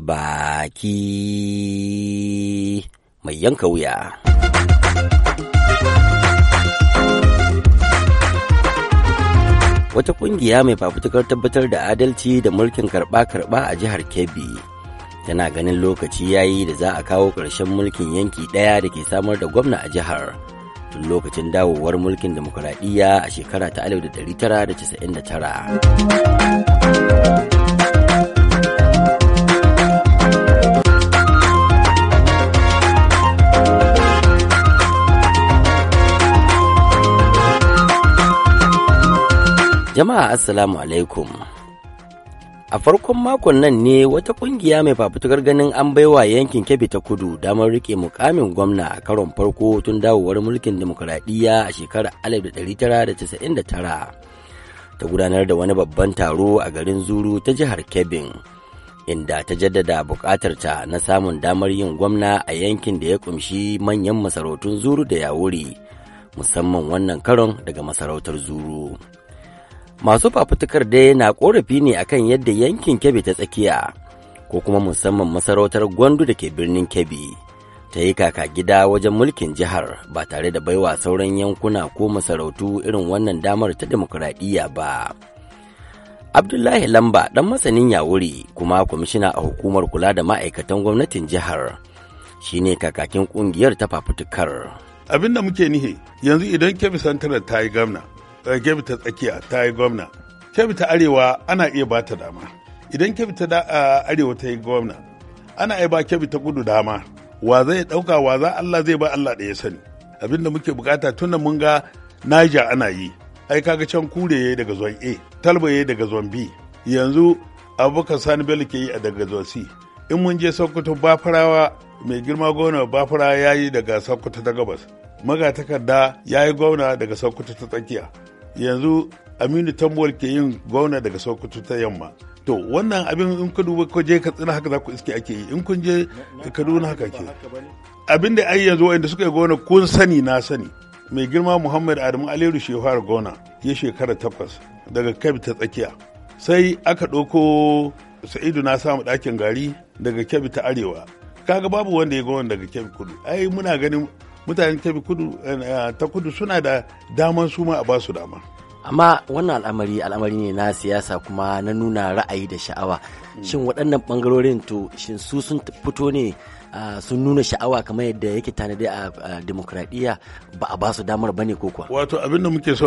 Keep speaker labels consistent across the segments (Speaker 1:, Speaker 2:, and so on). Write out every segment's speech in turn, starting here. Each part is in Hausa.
Speaker 1: baki mai yanka wuya. Wata ƙungiya mai fafutukar tabbatar da adalci da mulkin karɓa-karɓa a jihar Kebbi tana ganin lokaci yayi da za a kawo ƙarshen mulkin yanki ɗaya da ke samar da gwamna a jihar tun lokacin dawowar mulkin demokuraɗiyya a shekara ta 1999. Jama'a Assalamu alaikum. A farkon makon nan ne wata kungiya mai fafutukar ganin an baiwa yankin Kebbi ta Kudu damar rike mukamin gwamna a karon farko tun dawowar mulkin demokuraɗiyya a shekarar 1999 ta gudanar da wani babban taro a garin Zuru ta jihar Kebbin. inda ta jaddada bukatarta na samun damar yin gwamna a yankin da ya kumshi manyan masarautun zuru da yawuri musamman wannan karon daga masarautar zuru. masu fafutukar dai na korafi ne akan yadda yankin kebbi ta tsakiya ko kuma musamman masarautar gwandu da ke birnin kebbi ta yi kaka gida wajen mulkin jihar ba tare da baiwa sauran yankuna ko masarautu irin wannan damar ta demokuraɗiyya ba abdullahi lamba ɗan masanin yawuri kuma kwamishina a hukumar kula da ma'aikatan gwamnatin jihar shine kakakin ƙungiyar ta fafutukar
Speaker 2: abin da muke nihe yanzu idan kebbi santarar ta yi gamna Eh, kebbi ta tsakiya ta yi gwamna kebi ta arewa ana iya ba ta dama idan kebi ta eh, arewa ta yi gwamna ana iya ba kebi ta kudu dama wa zai dauka wa za Allah zai ba Allah da ya sani abinda muke bukata tunda mun ga Niger ana yi ai kaga can kure yayi daga zon A talba yayi daga zon B yanzu Abubakar Sani Bello ke yi a daga zon C in mun je Sokoto Bafarawa mai girma gona Bafara yayi daga Sokoto ta gabas magatakarda ya yi gwamna daga Sokoto ta tsakiya yanzu aminu tambol ke yin gwamna daga sokoto ta yamma to wannan abin in ka duba ko je ka tsina haka za ku iske ake yi in kun je kaduna haka ke abin da ai yanzu wanda suka yi gona kun sani na sani mai girma muhammad adamu aliyu shehar gona ya shekara takwas daga kebbi ta tsakiya sai aka ɗauko sa'idu na samu ɗakin gari daga kebbi ta arewa kaga babu wanda ya gona daga kebbi kudu ai muna ganin mutane ta kudu eh, ta kudu suna da daman su ma a ba su dama
Speaker 1: amma wannan al'amari al'amari ne na siyasa kuma na nuna ra'ayi da sha'awa hmm. shin waɗannan bangarorin to shin su sun fito ne sun nuna sha'awa kamar yadda yake tanadi a demokradiyya ba a ba su damar bane ko kuwa
Speaker 2: wato abin da muke so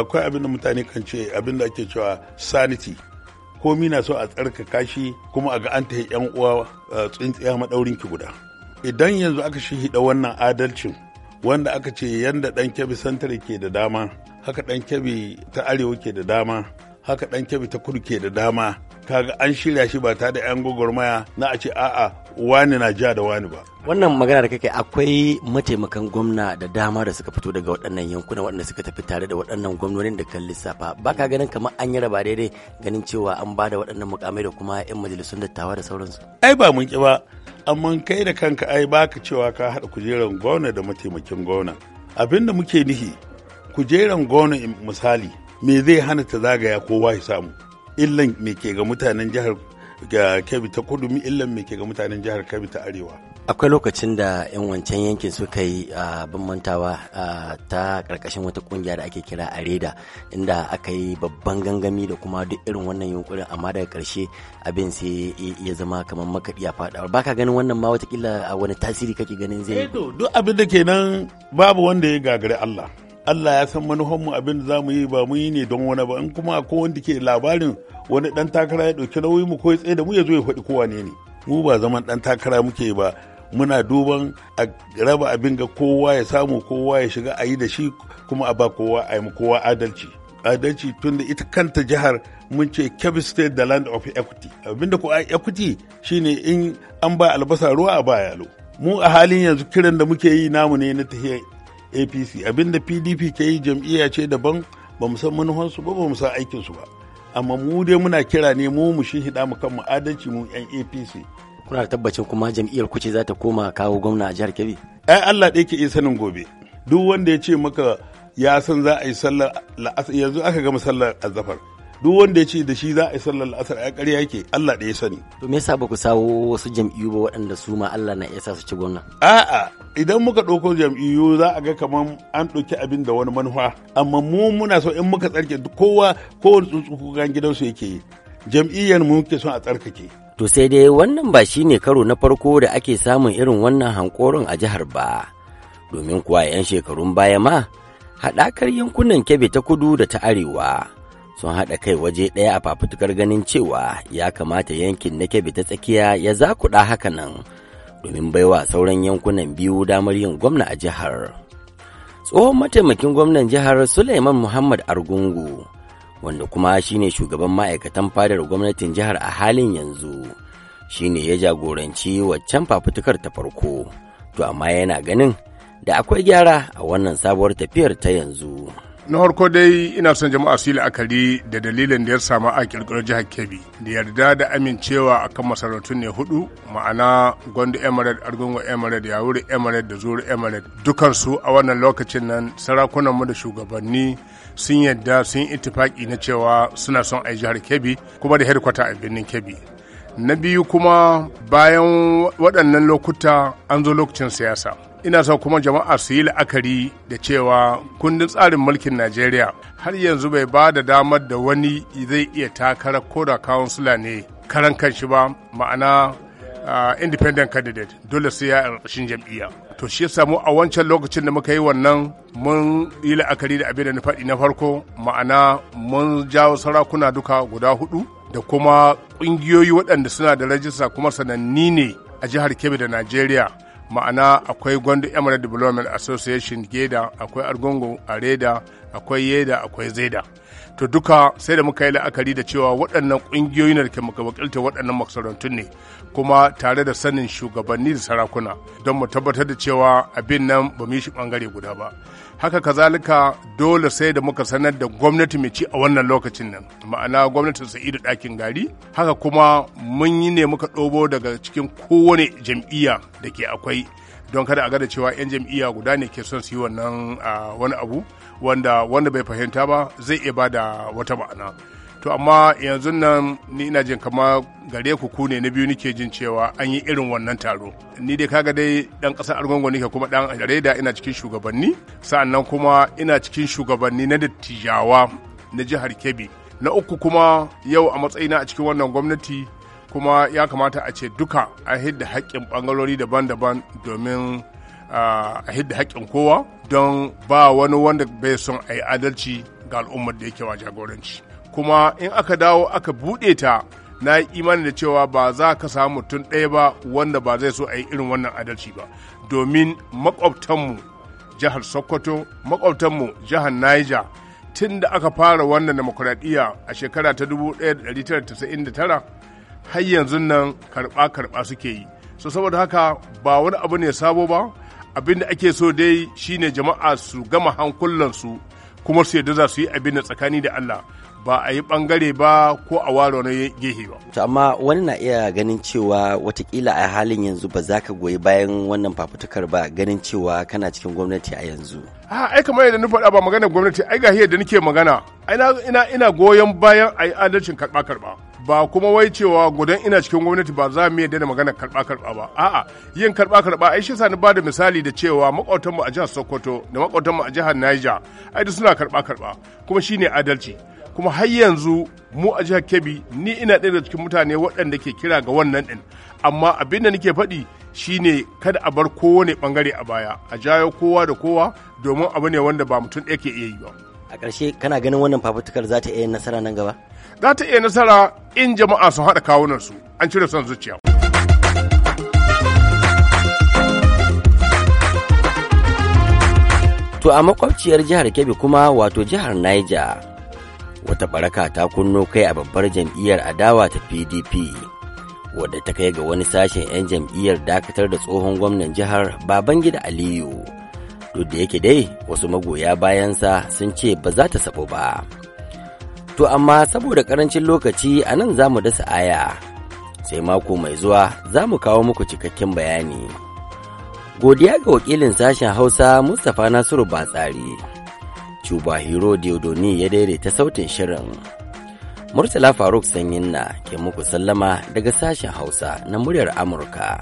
Speaker 2: akwai abin da mutane kan ce abin ake cewa sanity komi na so a tsarkaka shi kuma a ga an ta yan uwa tsintsiya madaurin ki guda idan yanzu aka shihida wannan adalcin wanda aka ce yanda ɗan kyabi santar ke da dama haka ɗan kyabi ta arewa ke da dama haka ɗan kyabi ta kudu ke da dama kaga an shirya shi ba ta da yan gwagwarmaya na a ce a'a wani na ja da wani ba
Speaker 1: wannan magana da kake akwai mataimakan gwamna da dama da suka fito daga waɗannan yankuna waɗanda suka tafi tare da waɗannan gwamnonin da kan lissafa ba ka ganin kamar an yi raba daidai ganin cewa an ba da waɗannan mukamai da kuma yan majalisun dattawa da sauransu
Speaker 2: ai ba mun ki ba amma kai da kanka ai baka cewa ka haɗa kujeran gona da mataimakin gona abinda muke nihi kujeran gona misali me zai hana ta zagaya kowa ya samu illan me ke ga mutanen jihar kebbi ta kudu illan me ke ga mutanen jihar kebbi ta arewa
Speaker 1: akwai lokacin da 'yan wancan yankin suka yi bambantawa ta karkashin wata kungiya da ake kira areda inda aka yi babban gangami da kuma duk irin wannan yunkurin amma daga karshe abin sai ya zama kamar makaɗi a faɗa ka ganin wannan ma watakila a wani tasiri kake ganin zai yi eh duk abin da kenan
Speaker 2: babu wanda ya gagari Allah Allah ya san manufanmu abin da za mu yi ba mu yi ne don wani ba in kuma ko wanda ke labarin wani dan takara ya ɗauki nauyi mu ko ya tsaye da mu ya zo ya faɗi kowa ne ne mu ba zaman dan takara muke ba muna duban a raba abin ga kowa ya samu kowa ya shiga a yi da shi kuma a ba kowa a yi kowa adalci adalci tun da ita kanta jihar mun ce Kebbi State da Land of Equity Abin abinda ko equity shine in an ba albasa ruwa a ba yalo mu a halin yanzu kiran da muke yi namu ne na tahiyar APC abin da PDP ke yi jam'iyya ce daban ba mu san manufansu ba ba mu san aikinsu ba amma mu dai muna kira ne mu mu shi hida mu kanmu adalci mu yan APC
Speaker 1: kuna da tabbacin kuma jam'iyyar kuce za ta koma kawo gwamna a jihar kebbi ai allah ɗaya ke iya sanin gobe
Speaker 2: duk wanda ya ce maka ya san za a yi sallar la'asar yanzu aka gama sallar azafar duk wanda ya ce da shi za a yi sallar la'asar a ƙarya yake Allah da ya sani. To me yasa ba ku sawo wasu jam'iyyu ba waɗanda su ma Allah na iya sa su ci gwamna? A'a idan muka ɗauko jam'iyyu za a ga kamar an ɗauki abin da wani manufa amma mu muna so in muka tsarke kowa kowane tsuntsu gidan gidansu yake yi. Jam'iyyar mu muke son a tsarkake.
Speaker 1: To sai dai wannan ba shi ne karo na farko da ake samun irin wannan hankoron a jihar ba, domin kuwa 'yan shekarun baya ma, haɗakar yankunan kebe ta kudu da ta arewa sun haɗa kai waje ɗaya a fafutukar ganin cewa ya kamata yankin na kebe ta tsakiya ya za zakuɗa haka nan, domin baiwa sauran yankunan biyu damar yin gwamna a jihar. Tsohon mataimakin gwamnan jihar Suleiman Muhammad Argungu. wanda kuma shine shugaban ma'aikatan fadar gwamnatin jihar a halin yanzu shine ya jagoranci waccan fafutukar ta farko to amma yana ganin da akwai gyara a wannan sabuwar tafiyar ta yanzu.
Speaker 3: na harko dai ina son jama'a su yi la'akari da dalilin da ya samu a kirkirar jihar kebbi da yarda da amincewa akan masarautun ne hudu ma'ana gwandu emirate argungu emirate yawuri emirate da zuru emirate dukansu a wannan lokacin nan sarakunan mu da shugabanni sun yadda sun yi itifaki na cewa suna son a jihar kebbi kuma da hedikwata a birnin kebbi na biyu kuma bayan waɗannan lokuta an zo lokacin siyasa ina son kuma jama'a su yi la'akari da cewa kundin tsarin mulkin najeriya har yanzu bai ba da damar da wani zai iya takara ko da kawunsula ne karan kanshi ba ma'ana ah, independent candidate dole sai ya ƙarƙashin jam'iyya to shi samu a wancan lokacin da muka yi wannan mun yi la'akari da abin da na faɗi na farko ma'ana mun jawo sarakuna duka guda hudu da kuma ƙungiyoyi waɗanda suna da rajista kuma sananni ne a jihar kebbi da najeriya ma'ana akwai gwandu emirate development association geda akwai argungu areda akwai yeda akwai zeda to duka sai da muka yi la'akari da cewa waɗannan ƙungiyoyi da ke muka wakilta waɗannan masarautun ne kuma tare da sanin shugabanni da sarakuna don mu tabbatar da cewa abin nan ba mu yi shi ɓangare guda ba haka kazalika dole sai da muka sanar da gwamnati mai ci a wannan lokacin nan ma'ana gwamnatin sa'idu ɗakin gari haka kuma mun yi ne muka ɗobo daga cikin kowane jam'iyya da ke akwai don kada a ga da cewa 'yan jam'iyya guda ne ke son su yi wannan wani abu wanda wanda bai fahimta ba zai iya ba da wata ma'ana to amma yanzu nan ni ina jin kama gare ku ku ne na biyu nike jin cewa an yi irin wannan taro ni dai kaga dai dan kasar argungu nike kuma dan jarida ina cikin shugabanni sa'annan kuma ina cikin shugabanni na dattijawa na jihar kebbi na uku kuma yau a matsayina a cikin wannan gwamnati kuma ya kamata a ce duka a hidda haƙƙin ɓangarori daban-daban domin a hidda haƙƙin kowa don ba wani wanda bai son a yi adalci ga al'ummar da yake wa jagoranci kuma in aka dawo aka buɗe ta na yi imani da cewa ba za ka samu mutum ɗaya ba wanda ba zai so a yi irin wannan adalci ba domin makwabtanmu jihar sokoto makwabtanmu jihar niger tun da aka fara wannan demokuraɗiyya a shekara ta 1999 har yanzu nan karɓa-karɓa suke yi so saboda haka ba wani abu ne sabo ba abin da ake so dai shine jama'a su gama hankulansu kuma su yarda za su yi abin da tsakani da Allah
Speaker 1: ba a yi bangare ba ko a ware wani gehe ba. To amma wani na iya ganin cewa watakila a halin yanzu ba za ka goyi bayan wannan fafutukar ba ganin cewa kana cikin gwamnati a yanzu.
Speaker 3: ha ai kamar yadda na faɗa ba maganar gwamnati ai ga da nake magana ina ina goyon bayan a yi adalcin karɓa karɓa ba kuma wai cewa gudan ina cikin gwamnati ba za mu yi daina magana karba karba ba a'a yin karba karba ai shi sani ba da misali da cewa makwautanmu a jihar Sokoto da makwautanmu a jihar Niger ai suna karba karba kuma shine adalci kuma har yanzu mu a jihar Kebbi ni ina ɗaya cikin mutane waɗanda ke kira ga wannan ɗin amma abin da nake faɗi shine kada a bar kowane bangare a baya a jayo kowa da kowa domin abu ne wanda ba mutum ɗaya ke iya yi ba. a ƙarshe kana ganin wannan fafutukar za ta iya nasara nan gaba za ta iya nasara in jama'a sun haɗa kawunansu an cire son zuciya
Speaker 1: To a makwabciyar jihar Kebbi kuma wato jihar Niger wata ɓaraka ta kunno kai a babbar jam'iyyar adawa ta PDP wadda ta kai ga wani sashen 'yan jam'iyyar dakatar da tsohon gwamnan jihar Babangida Aliyu duk da yake dai wasu magoya bayansa sun ce ba za ta sabo ba to amma saboda karancin lokaci a nan za mu dasa aya sai mako mai zuwa za mu kawo muku cikakken bayani godiya ga wakilin sashen hausa mustapha nasiru batsari cuba hero diodoni ya daidaita sautin shirin murtala faruk sanyin na ke muku sallama daga sashen hausa na muryar amurka